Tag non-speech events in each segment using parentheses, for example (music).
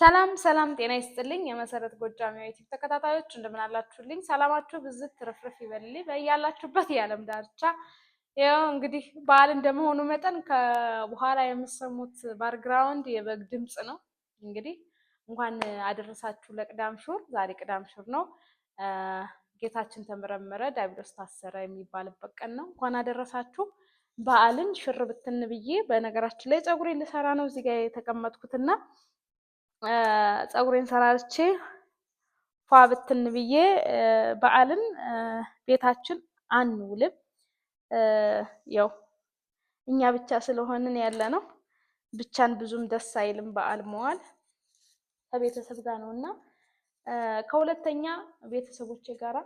ሰላም ሰላም፣ ጤና ይስጥልኝ የመሰረት ጎጃም ዩቲዩብ ተከታታዮች እንደምን አላችሁልኝ? ሰላማችሁ ብዝት ትርፍርፍ ይበልልኝ በያላችሁበት የዓለም ዳርቻ። ያው እንግዲህ በዓል እንደመሆኑ መጠን ከበኋላ የምሰሙት ባርግራውንድ የበግ ድምፅ ነው። እንግዲህ እንኳን አደረሳችሁ ለቅዳም ሹር። ዛሬ ቅዳም ሹር ነው። ጌታችን ተመረመረ፣ ዲያብሎስ ታሰረ የሚባልበት ቀን ነው። እንኳን አደረሳችሁ በዓልን ሽር ብትን ብዬ። በነገራችን ላይ ፀጉሬ ልሰራ ነው እዚህ ጋር የተቀመጥኩትና ፀጉሬን ሰራርቼ ፏ ብትን ብዬ በዓልን ቤታችን አንውልም። ያው እኛ ብቻ ስለሆንን ያለ ነው። ብቻን ብዙም ደስ አይልም በዓል መዋል ከቤተሰብ ጋር ነው እና ከሁለተኛ ቤተሰቦቼ ጋራ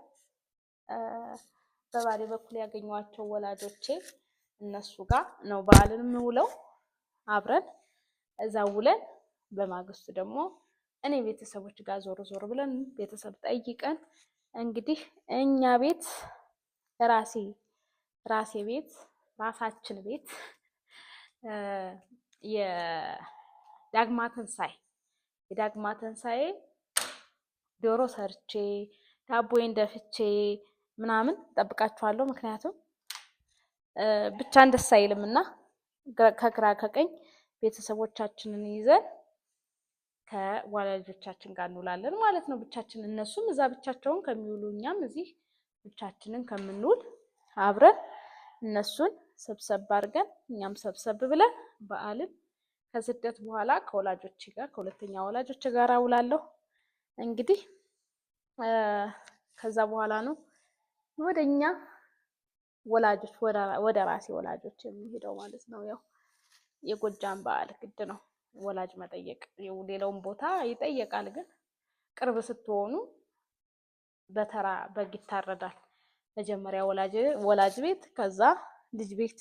በባሌ በኩል ያገኘኋቸው ወላጆቼ እነሱ ጋር ነው በዓልን የምውለው አብረን እዛ ውለን በማግስቱ ደግሞ እኔ ቤተሰቦች ጋር ዞር ዞር ብለን ቤተሰብ ጠይቀን እንግዲህ እኛ ቤት ራሴ ራሴ ቤት ራሳችን ቤት የዳግማ ትንሳኤ የዳግማ ትንሳኤ ዶሮ ሰርቼ ዳቦዬን ደፍቼ ምናምን ጠብቃችኋለሁ። ምክንያቱም ብቻ እንደስ አይልም እና ከግራ ከቀኝ ቤተሰቦቻችንን ይዘን ከወላጆቻችን ጋር እንውላለን ማለት ነው። ብቻችን እነሱም እዛ ብቻቸውን ከሚውሉ እኛም እዚህ ብቻችንን ከምንውል አብረን እነሱን ሰብሰብ አድርገን እኛም ሰብሰብ ብለን በዓልን ከስደት በኋላ ከወላጆች ጋር ከሁለተኛ ወላጆች ጋር አውላለሁ። እንግዲህ ከዛ በኋላ ነው ወደ እኛ ወላጆች ወደ ራሴ ወላጆች የሚሄደው ማለት ነው። ያው የጎጃም በዓል ግድ ነው። ወላጅ መጠየቅ ሌላውን ቦታ ይጠየቃል፣ ግን ቅርብ ስትሆኑ በተራ በግ ይታረዳል። መጀመሪያ ወላጅ ቤት፣ ከዛ ልጅ ቤት፣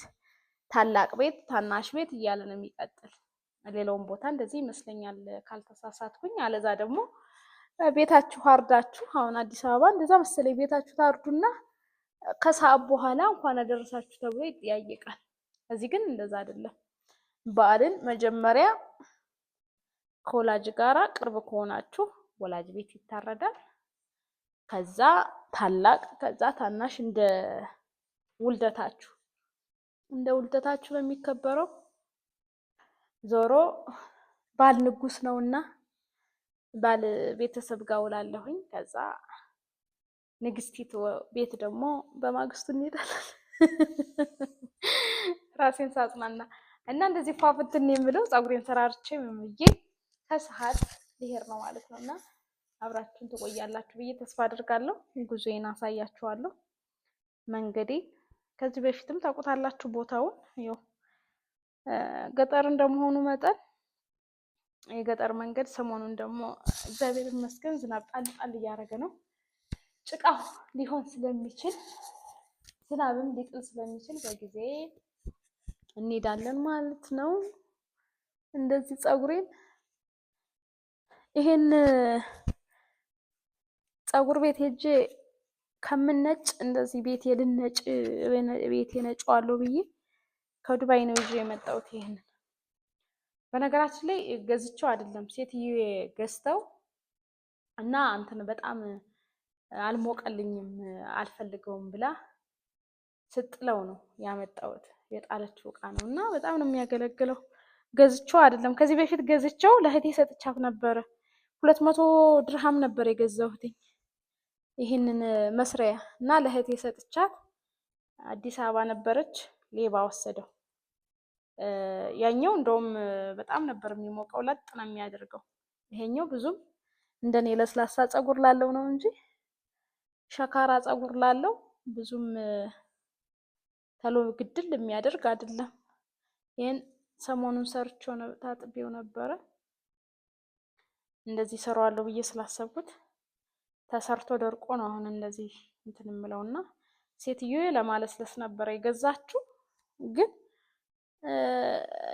ታላቅ ቤት፣ ታናሽ ቤት እያለ ነው የሚቀጥል። ሌላውን ቦታ እንደዚህ ይመስለኛል ካልተሳሳትኩኝ። አለዛ ደግሞ ቤታችሁ አርዳችሁ አሁን አዲስ አበባ እንደዛ መሰለኝ ቤታችሁ ታርዱና ከሰዓት በኋላ እንኳን አደረሳችሁ ተብሎ ይጠያየቃል። እዚህ ግን እንደዛ አይደለም። በዓልን መጀመሪያ ከወላጅ ጋራ ቅርብ ከሆናችሁ ወላጅ ቤት ይታረዳል። ከዛ ታላቅ ከዛ ታናሽ እንደ ውልደታችሁ እንደ ውልደታችሁ በሚከበረው የሚከበረው። ዞሮ ባል ንጉስ ነውና ባል ቤተሰብ ጋር ውላለሁኝ። ከዛ ንግስቲት ቤት ደግሞ በማግስቱ እንሄዳለን። (laughs) ራሴን ሳጽናና እና እንደዚህ ፏፍትን የምለው ፀጉሬን ሰራርቼ ምምዬ ከሰዓት ልሄድ ነው ማለት ነው። እና አብራችሁን ትቆያላችሁ ብዬ ተስፋ አድርጋለሁ። ጉዞዬን አሳያችኋለሁ። መንገዴ ከዚህ በፊትም ታውቁታላችሁ ቦታውን። ያው ገጠር እንደመሆኑ መጠን የገጠር መንገድ ሰሞኑን ደግሞ እግዚአብሔር ይመስገን ዝናብ ጣል ጣል እያደረገ ነው። ጭቃው ሊሆን ስለሚችል ዝናብም ሊጥል ስለሚችል በጊዜ እንሄዳለን ማለት ነው። እንደዚህ ፀጉሬን ይሄን ፀጉር ቤት ሄጄ ከምነጭ እንደዚህ ቤቴ ልነጭ ቤቴ ነጨዋለሁ ብዬ ከዱባይ ነው ይዤ የመጣሁት። ይሄንን በነገራችን ላይ ገዝቼው አይደለም ሴትዬ ገዝተው እና እንትን በጣም አልሞቀልኝም አልፈልገውም ብላ ስጥለው ነው ያመጣሁት። የጣለችው እቃ ነው እና በጣም ነው የሚያገለግለው። ገዝቼው አይደለም ከዚህ በፊት ገዝቼው ለእህቴ ሰጥቻት ነበረ። ሁለት መቶ ድርሃም ነበር የገዛሁትኝ ይህንን መስሪያ እና ለእህቴ ሰጥቻት አዲስ አበባ ነበረች። ሌባ ወሰደው። ያኛው እንደውም በጣም ነበር የሚሞቀው፣ ለጥ ነው የሚያደርገው። ይሄኛው ብዙም እንደኔ ለስላሳ ፀጉር ላለው ነው እንጂ ሸካራ ፀጉር ላለው ብዙም ተሎ ግድል የሚያደርግ አይደለም። ይህን ሰሞኑን ሰርቼው ታጥቤው ነበረ። እንደዚህ ሰራዋለሁ ብዬ ስላሰብኩት ተሰርቶ ደርቆ ነው አሁን እንደዚህ እንትን የምለውና ሴትዮ ለማለስለስ ነበረ የገዛችው ግን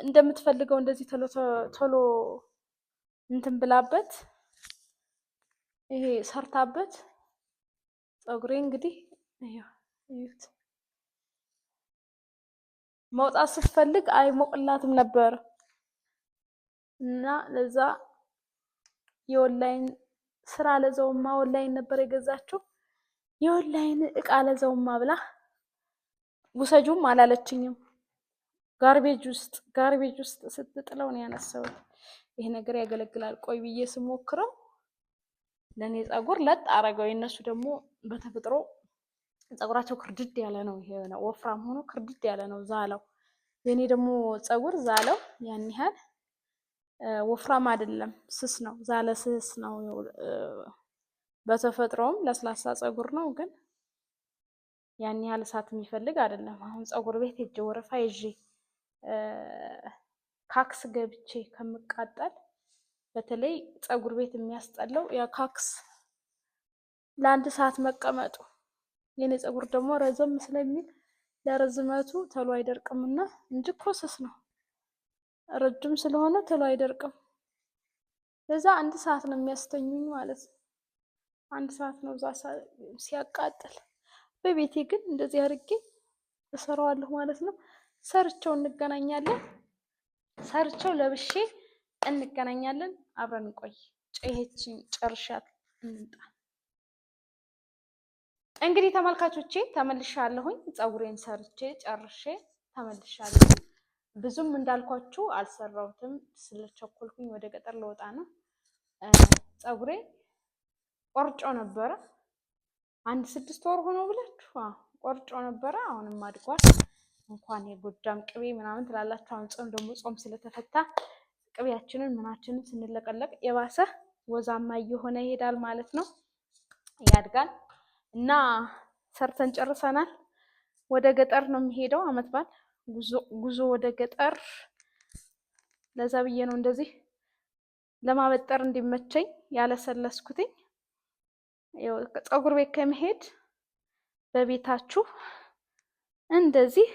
እንደምትፈልገው እንደዚህ ቶሎ ቶሎ እንትን ብላበት ይሄ ሰርታበት ፀጉሬ እንግዲህ እዩት። መውጣት ስትፈልግ አይሞቅላትም ነበር እና ለዛ የኦንላይን ስራ ለዛውማ ኦንላይን ነበር የገዛችው። የኦንላይን እቃ ለዛውማ ብላ ውሰጁም አላለችኝም። ጋርቤጅ ውስጥ ጋርቤጅ ውስጥ ስትጥለው ነው ያነሳሁት። ይሄ ነገር ያገለግላል። ቆይ ብዬ ስሞክረው ለእኔ ፀጉር ለጥ አረገው። የእነሱ ደግሞ በተፈጥሮ ፀጉራቸው ክርድድ ያለ ነው። የሆነ ወፍራም ሆኖ ክርድድ ያለ ነው ዛለው። የኔ ደግሞ ፀጉር ዛለው ያን ያህል ወፍራም አይደለም፣ ስስ ነው። ዛለ ስስ ነው። በተፈጥሮም ለስላሳ ፀጉር ነው፣ ግን ያን ያህል እሳት የሚፈልግ አይደለም። አሁን ፀጉር ቤት ሄጄ ወረፋ ይዤ ካክስ ገብቼ ከምቃጠል በተለይ ፀጉር ቤት የሚያስጠላው ያ ካክስ ለአንድ ሰዓት መቀመጡ የኔ ፀጉር ደግሞ ረዘም ስለሚል ለረዝመቱ ተሎ አይደርቅም እና እንጂ ነው። ረጅም ስለሆነ ተሎ አይደርቅም። ለዛ አንድ ሰዓት ነው የሚያስተኙኝ ማለት ነው። አንድ ሰዓት ነው እዛ ሲያቃጥል። በቤቴ ግን እንደዚህ አድርጌ እሰራዋለሁ ማለት ነው። ሰርቸው እንገናኛለን። ሰርቸው ለብሼ እንገናኛለን። አብረን እንቆይ። ጨሄችን ጨርሻት እንምጣ። እንግዲህ ተመልካቾቼ ተመልሻለሁኝ። ፀጉሬን ሰርቼ ጨርሼ ተመልሻለሁ። ብዙም እንዳልኳችሁ አልሰራሁትም ስለቸኮልኩኝ፣ ወደ ገጠር ለወጣ ነው። ፀጉሬ ቆርጮ ነበረ አንድ ስድስት ወር ሆኖ ብላችሁ ቆርጮ ነበረ። አሁንም አድጓል። እንኳን የጎጃም ቅቤ ምናምን ትላላችሁ። አሁን ጾም ደግሞ ጾም ስለተፈታ ቅቤያችንን ምናችንን ስንለቀለቅ የባሰ ወዛማ እየሆነ ይሄዳል ማለት ነው። ያድጋል እና ሰርተን ጨርሰናል። ወደ ገጠር ነው የሚሄደው። አመት በዓል ጉዞ ወደ ገጠር። ለዛ ብዬ ነው እንደዚህ ለማበጠር እንዲመቸኝ ያለሰለስኩትኝ። ፀጉር ቤት ከመሄድ በቤታችሁ እንደዚህ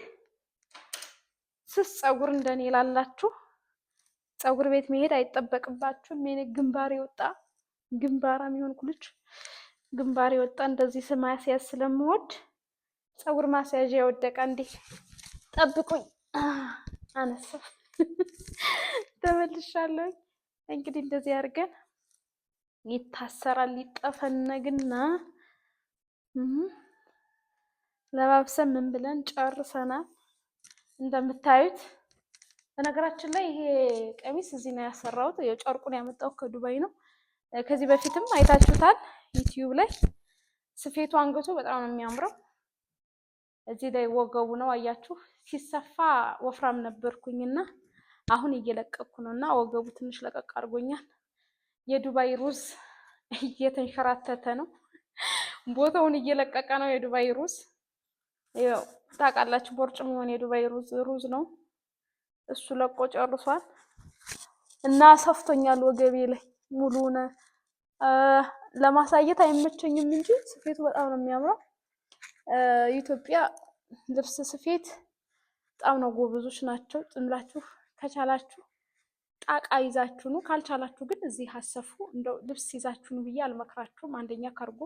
ስስ ፀጉር እንደኔ ላላችሁ ፀጉር ቤት መሄድ አይጠበቅባችሁም። የኔ ግንባር የወጣ ግንባራ የሚሆን ኩልች ግንባር የወጣ እንደዚህ ማስያዝ ስለምወድ ፀጉር ማስያዣ የወደቀ እንዴ ጠብቁኝ፣ አነሳ (laughs) ተመልሻለሁ። እንግዲህ እንደዚህ አድርገን ይታሰራል። ይጠፈነግና ለባብሰን ምን ብለን ጨርሰናል። እንደምታዩት በነገራችን ላይ ይሄ ቀሚስ እዚህ ነው ያሰራሁት። የጨርቁን ያመጣው ከዱባይ ነው። ከዚህ በፊትም አይታችሁታል ዩቲዩብ ላይ ስፌቱ አንገቱ በጣም ነው የሚያምረው። እዚህ ላይ ወገቡ ነው አያችሁ። ሲሰፋ ወፍራም ነበርኩኝና አሁን እየለቀቅኩ ነው እና ወገቡ ትንሽ ለቀቅ አድርጎኛል። የዱባይ ሩዝ እየተንሸራተተ ነው፣ ቦታውን እየለቀቀ ነው። የዱባይ ሩዝ ያው ታውቃላችሁ፣ ቦርጭ የሚሆን የዱባይ ሩዝ ሩዝ ነው እሱ ለቆ ጨርሷል እና ሰፍቶኛል ወገቤ ላይ ሙሉውን ለማሳየት አይመቸኝም እንጂ ስፌቱ በጣም ነው የሚያምረው። ኢትዮጵያ ልብስ ስፌት በጣም ነው ጎበዞች ናቸው። ጥምላችሁ ከቻላችሁ ጣቃ ይዛችሁ ኑ፣ ካልቻላችሁ ግን እዚህ አሰፉ። እንደው ልብስ ይዛችሁ ኑ ብዬ አልመክራችሁም። አንደኛ ከርጎ፣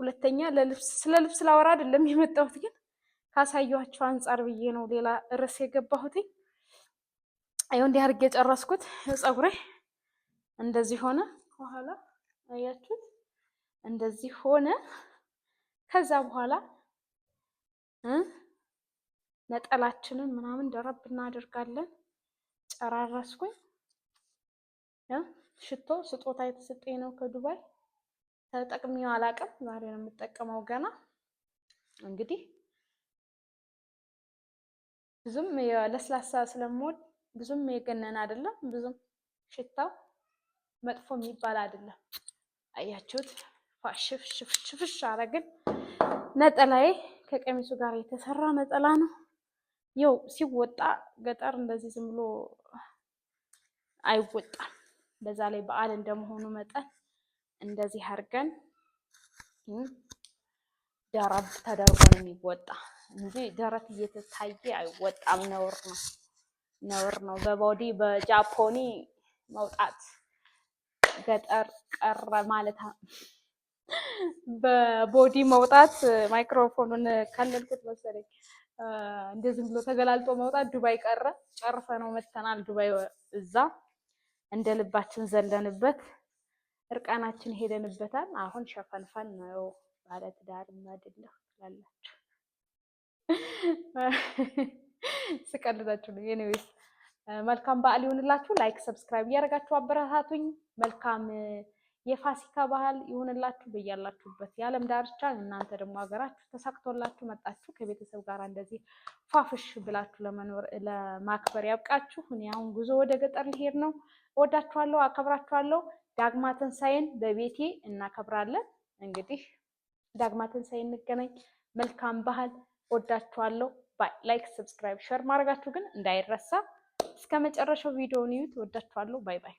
ሁለተኛ ለልብስ ስለ ልብስ ላወራ አይደለም የመጣሁት ግን ካሳየኋቸው አንጻር ብዬ ነው ሌላ ርዕስ የገባሁትኝ። ይኸው እንዲህ አድርጌ የጨረስኩት ፀጉሬ እንደዚህ ሆነ ከኋላ አያችሁት? እንደዚህ ሆነ። ከዛ በኋላ ነጠላችንን ምናምን ደረብ እናደርጋለን። ጨራረስኩኝ። ሽቶ ስጦታ የተሰጠኝ ነው ከዱባይ ተጠቅሚው አላቅም። ዛሬ ነው የምጠቀመው ገና። እንግዲህ ብዙም ለስላሳ ስለምወድ ብዙም የገነን አይደለም። ብዙም ሽታው መጥፎ የሚባል አይደለም። አያችሁት? ሽፍ ሽፍ ሽፍሽ አረግን። ነጠላዬ ከቀሚሱ ጋር የተሰራ ነጠላ ነው። ይው ሲወጣ ገጠር እንደዚህ ዝም ብሎ አይወጣም። በዛ ላይ በዓል እንደመሆኑ መጠን እንደዚህ አድርገን ደረብ ተደርጎ ነው የሚወጣ እንጂ ደረት እየተታየ አይወጣም። ነውር ነው፣ ነውር ነው። በቦዲ በጃፖኒ መውጣት ገጠር ቀረ ማለት በቦዲ መውጣት ማይክሮፎኑን ከለልኩት መሰለኝ። እንደዚህ ብሎ ተገላልጦ መውጣት ዱባይ ቀረ። ጨርሰ ነው መተናል። ዱባይ እዛ እንደ ልባችን ዘለንበት እርቃናችን ሄደንበታል። አሁን ሸፈንፈን ነው ማለት ዳር ማድለፍ ትላላችሁ። ስቀልዳችሁ ነው። ኤኒዌይስ መልካም በዓል ይሁንላችሁ። ላይክ ሰብስክራይብ እያደረጋችሁ አበረታቱኝ። መልካም የፋሲካ ባህል ይሁንላችሁ በያላችሁበት የዓለም ዳርቻ። እናንተ ደግሞ ሀገራችሁ ተሳክቶላችሁ መጣችሁ ከቤተሰብ ጋር እንደዚህ ፋፍሽ ብላችሁ ለመኖር ለማክበር ያብቃችሁ። እኔ አሁን ጉዞ ወደ ገጠር ሊሄድ ነው። እወዳችኋለሁ፣ አከብራችኋለሁ። ዳግማ ትንሣኤን በቤቴ እናከብራለን። እንግዲህ ዳግማ ትንሣኤ እንገናኝ። መልካም ባህል። ወዳችኋለሁ። ባይ ላይክ፣ ሰብስክራይብ፣ ሸር ማድረጋችሁ ግን እንዳይረሳ። እስከ መጨረሻው ቪዲዮውን እዩት። ወዳችኋለሁ። ባይ ባይ።